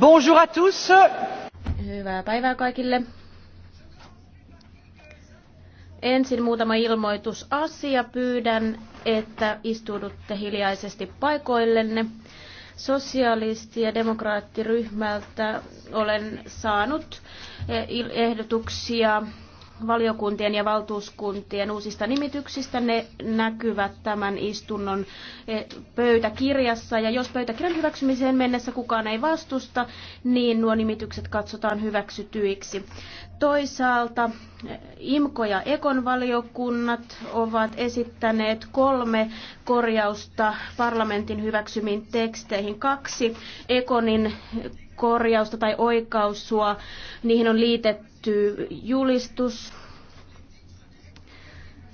Bonjour à tous. Hyvää päivää kaikille. Ensin muutama ilmoitusasia. Pyydän, että istuudutte hiljaisesti paikoillenne. Sosialisti- ja demokraattiryhmältä olen saanut eh, ehdotuksia valiokuntien ja valtuuskuntien uusista nimityksistä. Ne näkyvät tämän istunnon eh, pöytäkirjassa. Ja jos pöytäkirjan hyväksymiseen mennessä kukaan ei vastusta, niin nuo nimitykset katsotaan hyväksytyiksi. Toisaalta eh, IMKO ja EKON valiokunnat ovat esittäneet kolme korjausta parlamentin hyväksymiin teksteihin. Kaksi EKONin korjausta tai oikaisua. Niihin on liitetty julistus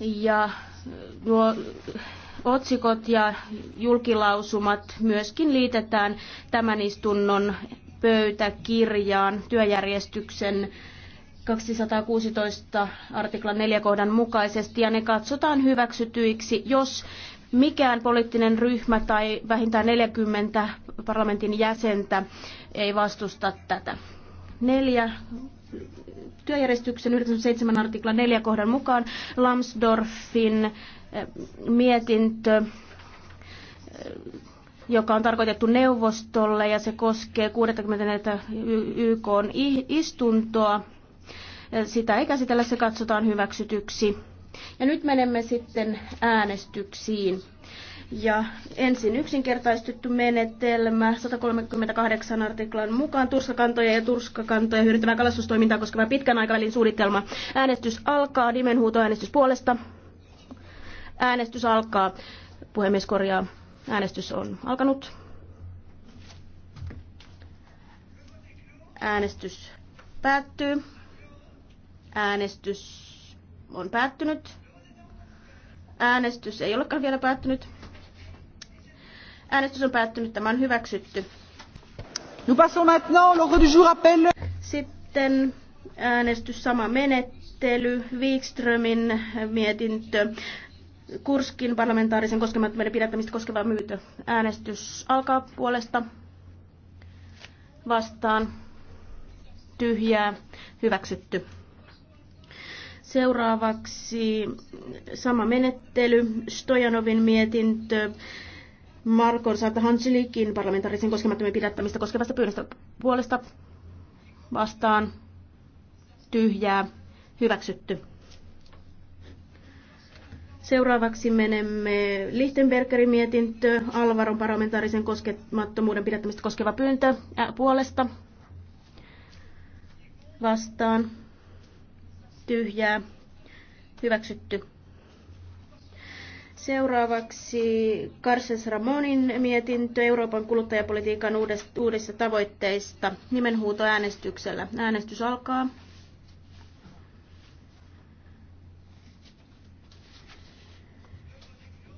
ja nuo otsikot ja julkilausumat myöskin liitetään tämän istunnon pöytäkirjaan työjärjestyksen 216 artiklan 4 kohdan mukaisesti ja ne katsotaan hyväksytyiksi, jos mikään poliittinen ryhmä tai vähintään 40 parlamentin jäsentä ei vastusta tätä. Neljä työjärjestyksen 97 artikla 4 kohdan mukaan Lamsdorfin eh, mietintö eh, joka on tarkoitettu neuvostolle ja se koskee 60. YK istuntoa. Eh, sitä ei käsitellä, se katsotaan hyväksytyksi. Ja nyt menemme sitten äänestyksiin. Ja ensin yksinkertaistettu menetelmä 138 artiklan mukaan turskakantoja ja turskakantoja hyödyntävää kalastustoimintaa koskeva pitkän aikavälin suunnitelma. Äänestys alkaa, äänestys puolesta. Äänestys alkaa. Puhemies korjaa. Äänestys on alkanut. Äänestys päättyy. Äänestys on päättynyt. Äänestys ei olekaan vielä päättynyt. Äänestys on päättynyt, tämä on hyväksytty. Nous passons maintenant, l'ordre du jour appelle... Sitten äänestys sama menettely, Wikströmin mietintö, Kurskin parlamentaarisen koskemattomuuden pidättämistä koskeva myytö. Äänestys alkaa puolesta vastaan tyhjää hyväksytty. Seuraavaksi sama menettely, Stojanovin mietintö, Marko Satahansilikin parlamentaarisen koskemattomien pidättämistä koskevasta pyynnöstä puolesta vastaan tyhjää hyväksytty. Seuraavaksi menemme Lichtenbergerin mietintö, Alvaron parlamentaarisen koskemattomuuden pidättämistä koskeva pyyntö ää, puolesta vastaan tyhjää, hyväksytty. Seuraavaksi Carses Ramonin mietintö Euroopan kuluttajapolitiikan uudessa tavoitteista nimenhuuto äänestyksellä. Äänestys alkaa.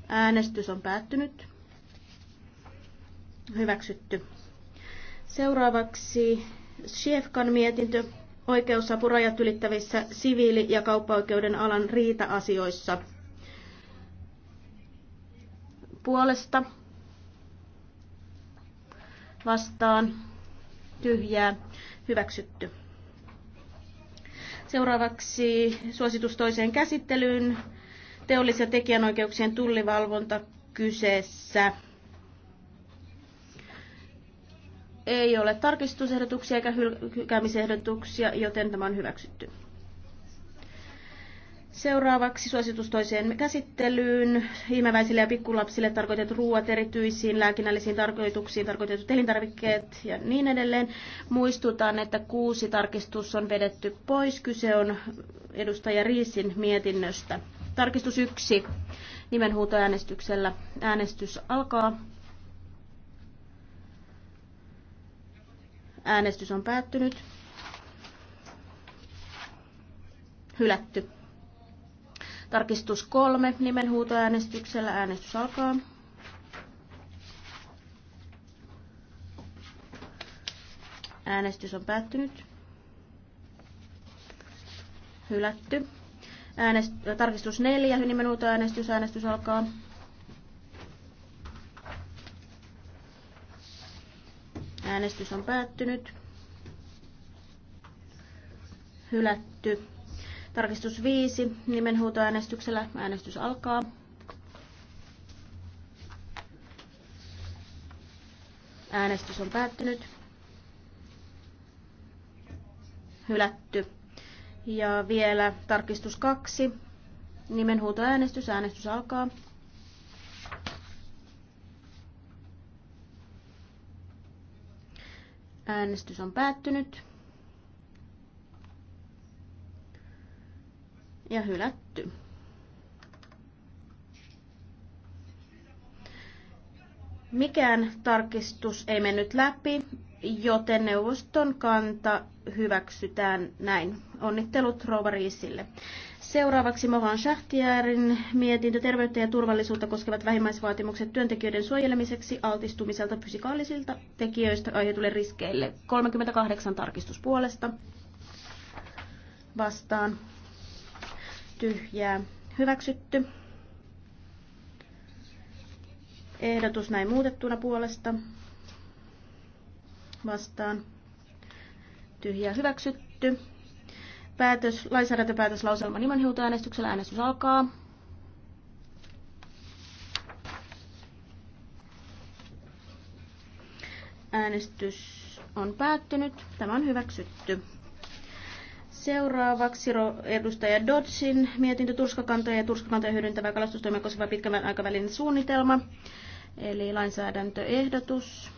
Äänestys on päättynyt. Hyväksytty. Seuraavaksi Schiefkan mietintö oikeusapurajat ylittävissä siviili- ja kauppaoikeuden alan riita-asioissa. Puolesta vastaan tyhjää hyväksytty. Seuraavaksi suositus toiseen käsittelyyn. Teollis- ja tekijänoikeuksien tullivalvonta kyseessä. ei ole tarkistusehdotuksia eikä hylkäämisehdotuksia, joten tämä on hyväksytty. Seuraavaksi suositus toiseen käsittelyyn. Ihmeväisille ja pikkulapsille tarkoitetut ruoat, erityisiin lääkinnällisiin tarkoituksiin tarkoitetut elintarvikkeet ja niin edelleen. Muistutan, että kuusi tarkistus on vedetty pois. Kyse on edustaja Riisin mietinnöstä. Tarkistus yksi. Nimenhuutoäänestyksellä äänestys alkaa. Äänestys on päättynyt. Hylätty. Tarkistus kolme nimenhuutoäänestyksellä. Äänestys alkaa. Äänestys on päättynyt. Hylätty. Äänest- tarkistus neljä nimenhuutoäänestys. Äänestys alkaa. Äänestys on päättynyt. Hylätty. Tarkistus 5. Nimenhuutoäänestyksellä äänestys alkaa. Äänestys on päättynyt. Hylätty. Ja vielä tarkistus 2. Nimenhuutoäänestys. Äänestys alkaa. Äänestys on päättynyt. Ja hylätty. Mikään tarkistus ei mennyt läpi, joten neuvoston kanta hyväksytään näin. Onnittelut Rova Riisille. Seuraavaksi Mohan Schähtijärin mietintö terveyttä ja turvallisuutta koskevat vähimmäisvaatimukset työntekijöiden suojelemiseksi altistumiselta fysikaalisilta tekijöistä aiheutuille riskeille. 38 tarkistuspuolesta vastaan tyhjää hyväksytty. Ehdotus näin muutettuna puolesta vastaan tyhjää hyväksytty. Päätös, lainsäädäntöpäätöslauselma nimenhuutoäänestyksellä. Äänestys alkaa. Äänestys on päättynyt. Tämä on hyväksytty. Seuraavaksi edustaja Dodsin mietintö turskakantoja ja turskakantoja hyödyntävää kalastustoimia koskeva pitkän aikavälin suunnitelma, eli lainsäädäntöehdotus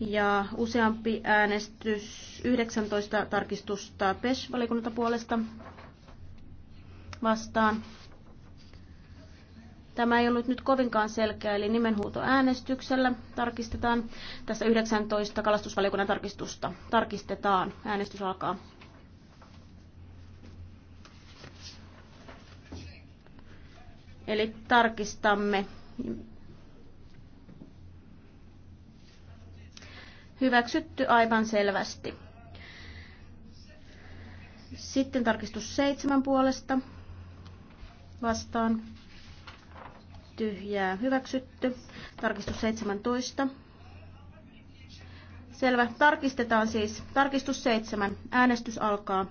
ja useampi äänestys 19 tarkistusta PES-valikunnalta puolesta vastaan. Tämä ei ollut nyt kovinkaan selkeä, eli nimenhuuto äänestyksellä tarkistetaan. Tässä 19 kalastusvaliokunnan tarkistusta tarkistetaan. Äänestys alkaa. Eli tarkistamme Hyväksytty aivan selvästi. Sitten tarkistus seitsemän puolesta. Vastaan. Tyhjää. Hyväksytty. Tarkistus 17. Selvä. Tarkistetaan siis. Tarkistus 7. Äänestys alkaa.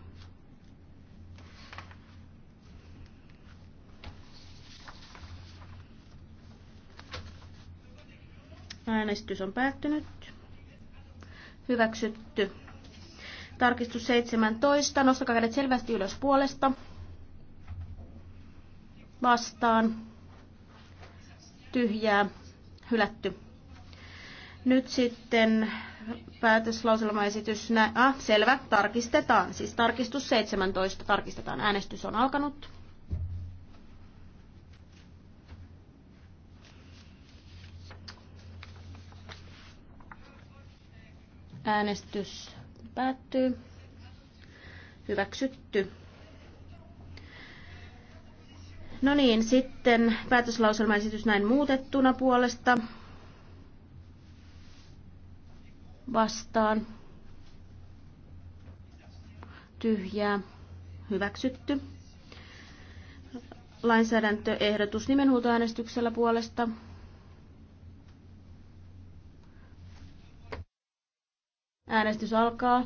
Äänestys on päättynyt. Hyväksytty. Tarkistus 17. Nostakaa kädet selvästi ylös puolesta. Vastaan. Tyhjää. Hylätty. Nyt sitten päätöslauselmaesitys. ah, selvä. Tarkistetaan. Siis tarkistus 17. Tarkistetaan. Äänestys on alkanut. Äänestys päättyy. Hyväksytty. No niin, sitten päätöslauselmaesitys näin muutettuna puolesta. Vastaan. Tyhjää. Hyväksytty. Lainsäädäntöehdotus nimenhuutoäänestyksellä puolesta. Äänestys alkaa.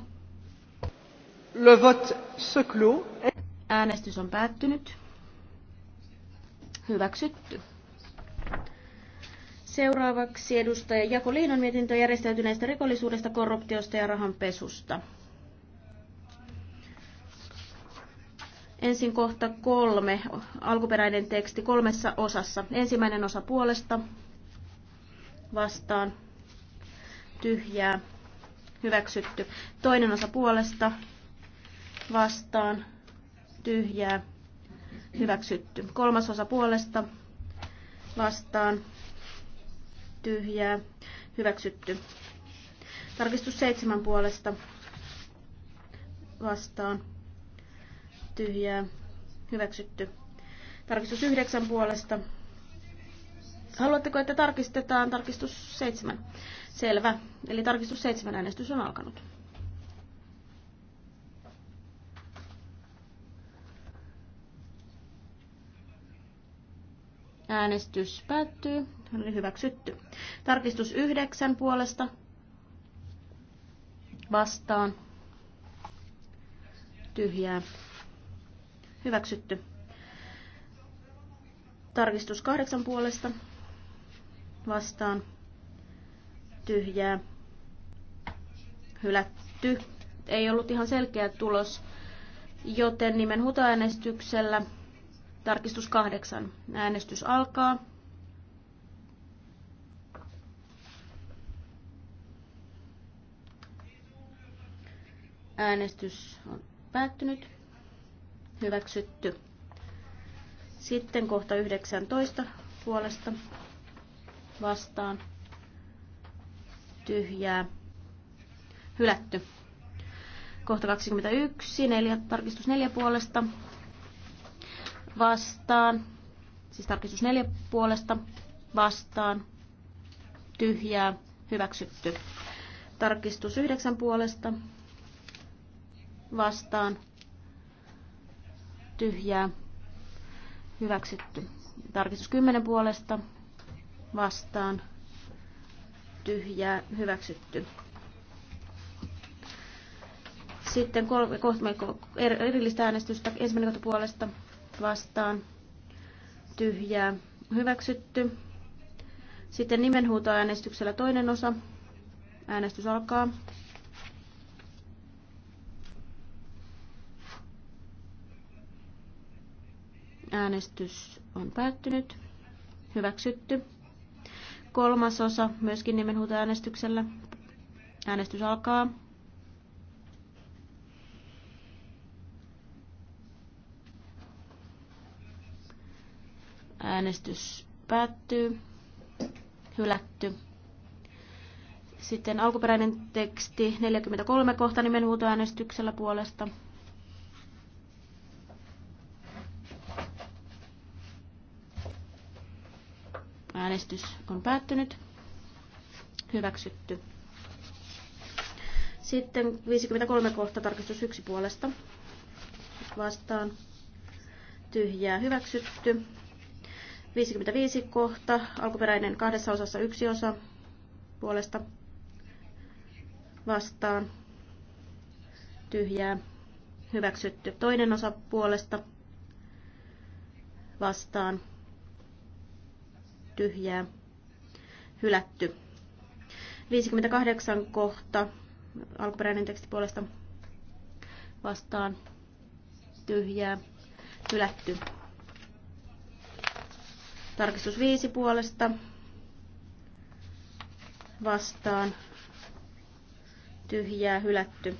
Le vote se clôt. Äänestys on päättynyt. Hyväksytty. Seuraavaksi edustaja Jako Liinon mietintö järjestäytyneestä rikollisuudesta, korruptiosta ja rahanpesusta. Ensin kohta kolme, alkuperäinen teksti kolmessa osassa. Ensimmäinen osa puolesta, vastaan, tyhjää, hyväksytty. Toinen osa puolesta vastaan tyhjää hyväksytty. Kolmas osa puolesta vastaan tyhjää hyväksytty. Tarkistus seitsemän puolesta vastaan tyhjää hyväksytty. Tarkistus yhdeksän puolesta Haluatteko, että tarkistetaan tarkistus seitsemän? Selvä. Eli tarkistus seitsemän äänestys on alkanut. Äänestys päättyy. On oli hyväksytty. Tarkistus yhdeksän puolesta. Vastaan. Tyhjää. Hyväksytty. Tarkistus kahdeksan puolesta. Vastaan tyhjää hylätty. Ei ollut ihan selkeä tulos, joten nimen huutoäänestyksellä tarkistus kahdeksan. Äänestys alkaa. Äänestys on päättynyt. Hyväksytty. Sitten kohta 19 puolesta vastaan tyhjää hylätty. Kohta 21, neljä, tarkistus neljä puolesta vastaan, siis tarkistus neljä puolesta vastaan, tyhjää, hyväksytty. Tarkistus yhdeksän puolesta vastaan, tyhjää, hyväksytty. Tarkistus kymmenen puolesta vastaan, tyhjää hyväksytty. Sitten kolme, kohtamme er, erillistä äänestystä. Ensimmäinen kohta puolesta vastaan tyhjää hyväksytty. Sitten nimenhuutoäänestyksellä toinen osa. Äänestys alkaa. Äänestys on päättynyt. Hyväksytty. Kolmas osa myöskin nimenhuutoäänestyksellä. Äänestys alkaa. Äänestys päättyy. Hylätty. Sitten alkuperäinen teksti 43 kohta nimenhuutoäänestyksellä puolesta. Äänestys on päättynyt. Hyväksytty. Sitten 53 kohta tarkistus yksi puolesta. Vastaan. Tyhjää hyväksytty. 55 kohta. Alkuperäinen kahdessa osassa yksi osa puolesta. Vastaan. Tyhjää hyväksytty. Toinen osa puolesta. Vastaan tyhjää hylätty. 58 kohta alkuperäinen teksti puolesta vastaan tyhjää hylätty. Tarkistus 5 puolesta vastaan tyhjää hylätty.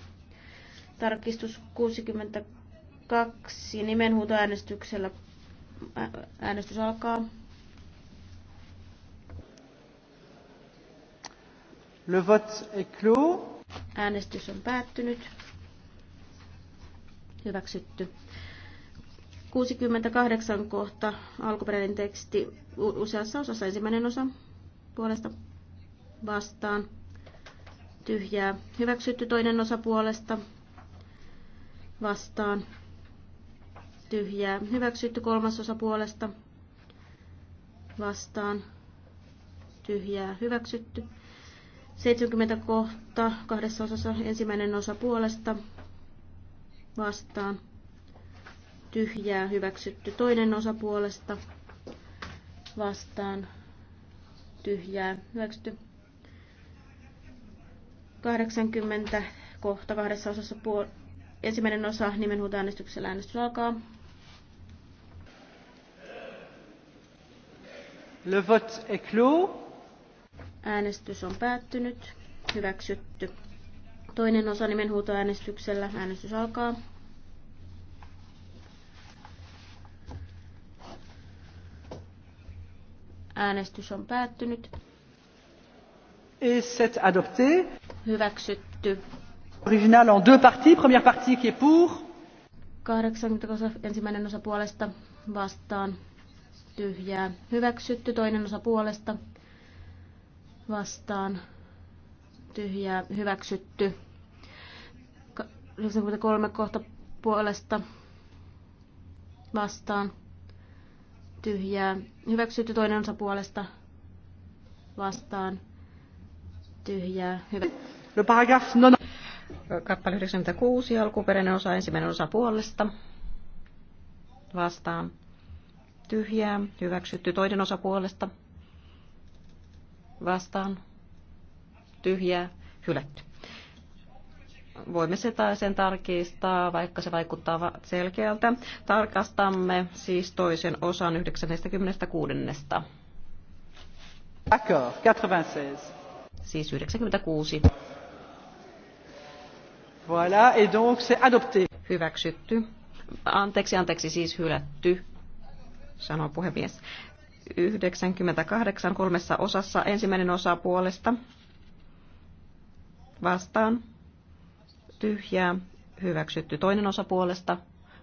Tarkistus 62 nimenhuutoäänestyksellä äänestys alkaa. Le vote est clos. Äänestys on päättynyt. Hyväksytty. 68 kohta, alkuperäinen teksti useassa osassa, ensimmäinen osa puolesta vastaan, tyhjää, hyväksytty toinen osa puolesta vastaan, tyhjää, hyväksytty kolmas osa puolesta vastaan, tyhjää, hyväksytty 70 kohta kahdessa osassa ensimmäinen osa puolesta vastaan. Tyhjää hyväksytty toinen osa puolesta vastaan. Tyhjää hyväksytty. 80 kohta kahdessa osassa puol- ensimmäinen osa nimenhuutoäänestyksellä äänestys alkaa. Le vote est clos. Äänestys on päättynyt. Hyväksytty. Toinen osa nimenhuutoäänestyksellä. Äänestys alkaa. Äänestys on päättynyt. Et c'est adopté. Hyväksytty. Original en deux parties. Première partie qui est pour. 80 ensimmäinen osa puolesta vastaan. Tyhjää. Hyväksytty. Toinen osa puolesta vastaan tyhjää hyväksytty. 93 kohta puolesta vastaan tyhjää hyväksytty toinen osa puolesta vastaan tyhjää hyvä. No, paragraf, no, no. Kappale 96, alkuperäinen osa, ensimmäinen osa puolesta. Vastaan. Tyhjää, hyväksytty toinen osa puolesta vastaan tyhjää hylätty. Voimme se tai sen tarkistaa, vaikka se vaikuttaa selkeältä. Tarkastamme siis toisen osan 96. D'accord, 96. Siis 96. Voilà, et donc c'est adopté. Hyväksytty. Anteeksi, anteeksi, siis hylätty, sanoo puhemies. 98 kolmessa osassa. Ensimmäinen osa puolesta vastaan tyhjää hyväksytty. Toinen osa puolesta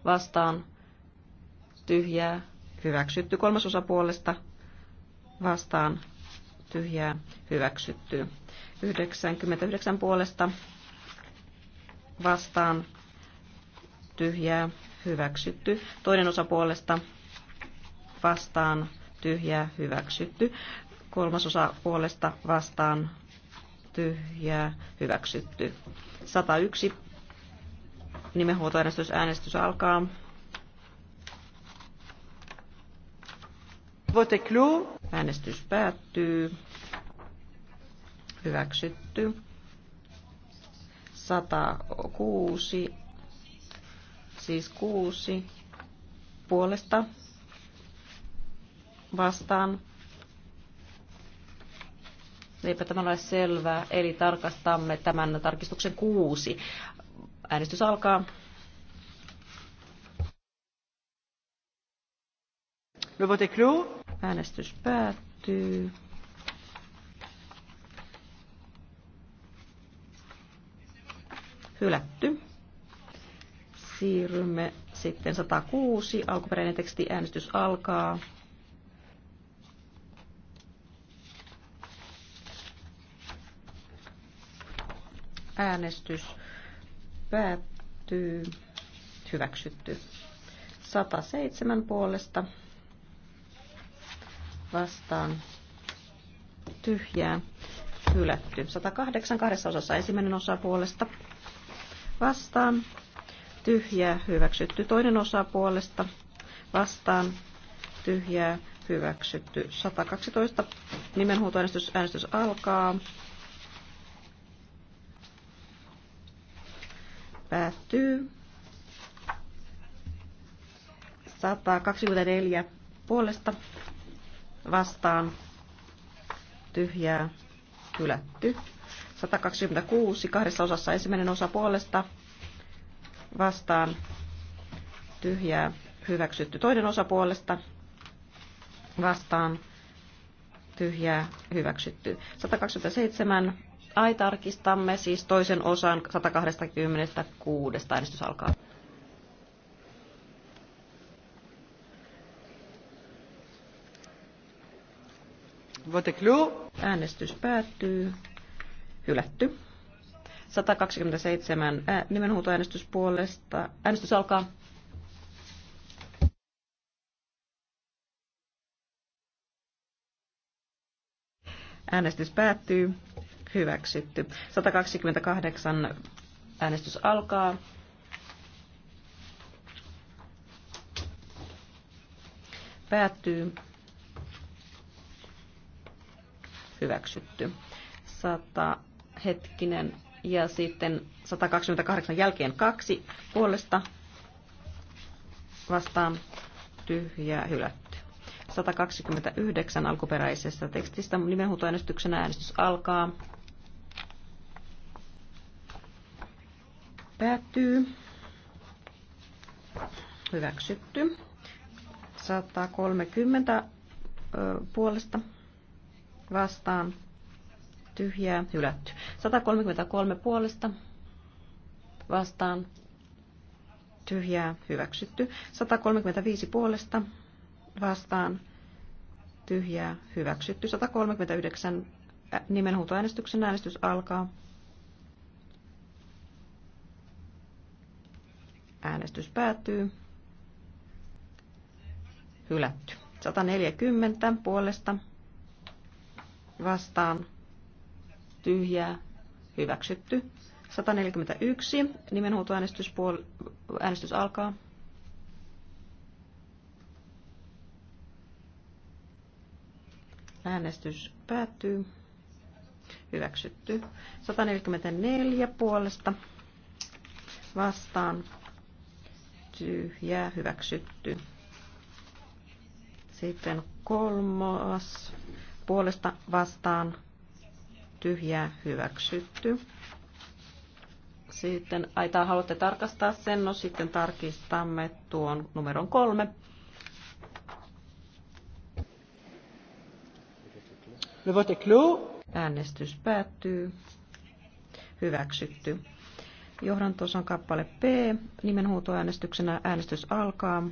vastaan tyhjää hyväksytty. Kolmas osa puolesta vastaan tyhjää hyväksytty. 99 puolesta vastaan tyhjää hyväksytty. Toinen osa puolesta vastaan tyhjää hyväksytty. Kolmasosa puolesta vastaan tyhjää hyväksytty. 101 nimenhuoltoäänestys äänestys alkaa. Vote clos. Äänestys päättyy. Hyväksytty. 106, siis 6 puolesta vastaan. Eipä tämä ole selvää. Eli tarkastamme tämän tarkistuksen kuusi. Äänestys alkaa. Le vote Äänestys päättyy. Hylätty. Siirrymme sitten 106. Alkuperäinen teksti äänestys alkaa. Äänestys päättyy. Hyväksytty. 107 puolesta vastaan tyhjää hylätty. 108 kahdessa osassa ensimmäinen osa puolesta vastaan tyhjää hyväksytty. Toinen osa puolesta vastaan tyhjää hyväksytty. 112 nimenhuutoäänestys äänestys alkaa. päättyy. 124 puolesta vastaan tyhjää hylätty. 126 kahdessa osassa ensimmäinen osa puolesta vastaan tyhjää hyväksytty. Toinen osa puolesta vastaan tyhjää hyväksytty. 127 Ai tarkistamme siis toisen osan 126. Äänestys alkaa. Äänestys päättyy. Hylätty. 127 ää, nimenhuutoäänestys puolesta. Äänestys alkaa. Äänestys päättyy hyväksytty. 128 äänestys alkaa. Päättyy. Hyväksytty. 100 hetkinen ja sitten 128 jälkeen kaksi puolesta vastaan tyhjää hylätty. 129 alkuperäisessä tekstistä nimenhuutoäänestyksenä äänestys alkaa. päättyy. Hyväksytty. 130 puolesta vastaan tyhjää hylätty. 133 puolesta vastaan tyhjää hyväksytty. 135 puolesta vastaan tyhjää hyväksytty. 139 nimenhuutoäänestyksen äänestys alkaa. Äänestys päättyy. Hylätty. 140 puolesta vastaan tyhjää hyväksytty. 141 nimenhuutoäänestys puol- äänestys alkaa. Äänestys päättyy. Hyväksytty. 144 puolesta vastaan jää hyväksytty. Sitten kolmas puolesta vastaan tyhjää hyväksytty. Sitten aitaa haluatte tarkastaa sen, no sitten tarkistamme tuon numeron kolme. Le vote Äänestys päättyy. Hyväksytty. Johdantosan kappale P. Nimenhuutoäänestyksenä äänestys alkaa.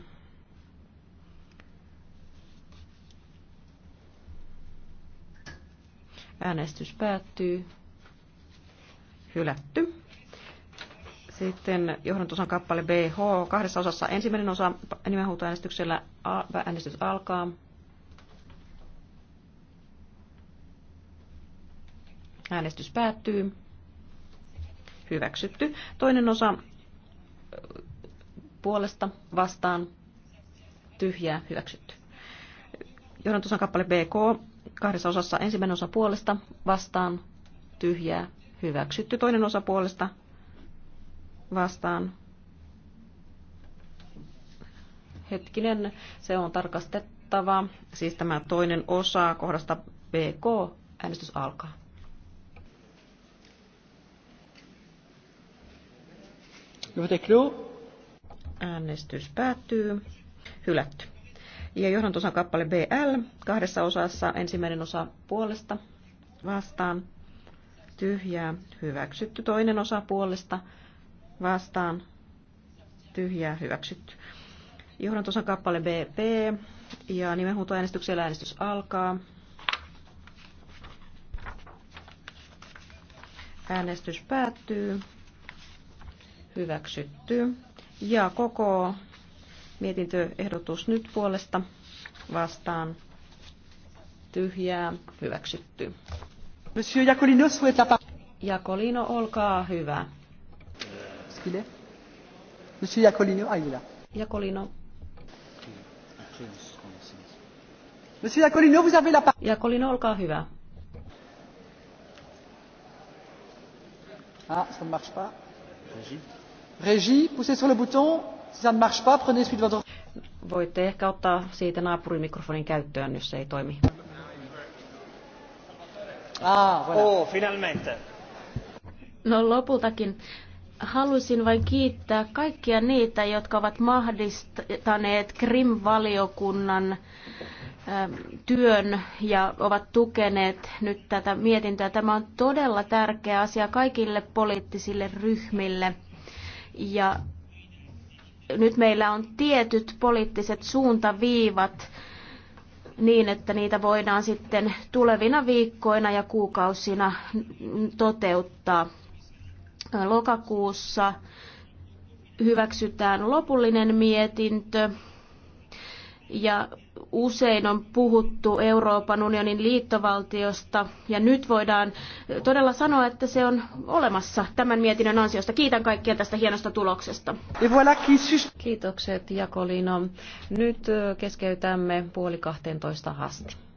Äänestys päättyy. Hylätty. Sitten johdantosan kappale BH. Kahdessa osassa ensimmäinen osa nimenhuutoäänestyksellä äänestys alkaa. Äänestys päättyy hyväksytty. Toinen osa äh, puolesta vastaan tyhjää hyväksytty. Johdantosan kappale BK kahdessa osassa ensimmäinen osa puolesta vastaan tyhjää hyväksytty. Toinen osa puolesta vastaan hetkinen, se on tarkastettava. Siis tämä toinen osa kohdasta BK, äänestys alkaa. Äänestys päättyy. Hylätty. Ja johdantosan kappale BL kahdessa osassa. Ensimmäinen osa puolesta vastaan. Tyhjää. Hyväksytty. Toinen osa puolesta vastaan. Tyhjää. Hyväksytty. Johdantosan kappale BP. Ja nimenhuutoäänestyksellä äänestys alkaa. Äänestys päättyy hyväksytty. Ja koko mietintöehdotus nyt puolesta vastaan tyhjää hyväksytty. Monsieur Jacolino souhaite Jacolino, olkaa hyvä. Monsieur Jacolino, aïe ah, Jacolino. Monsieur Jacolino, vous avez la parole. Jacolino, olkaa hyvä. Ah, ça ne marche pas. Régis. Voitte ehkä ottaa siitä naapurin mikrofonin käyttöön, jos se ei toimi. Ah, voilà. oh, finalmente. No lopultakin. Haluaisin vain kiittää kaikkia niitä, jotka ovat mahdistaneet Krim-valiokunnan ähm, työn ja ovat tukeneet nyt tätä mietintöä. Tämä on todella tärkeä asia kaikille poliittisille ryhmille. Ja nyt meillä on tietyt poliittiset suuntaviivat niin, että niitä voidaan sitten tulevina viikkoina ja kuukausina toteuttaa. Lokakuussa hyväksytään lopullinen mietintö ja usein on puhuttu Euroopan unionin liittovaltiosta ja nyt voidaan todella sanoa, että se on olemassa tämän mietinnön ansiosta. Kiitän kaikkia tästä hienosta tuloksesta. Kiitokset Jakolino. Nyt keskeytämme puoli kahteentoista asti.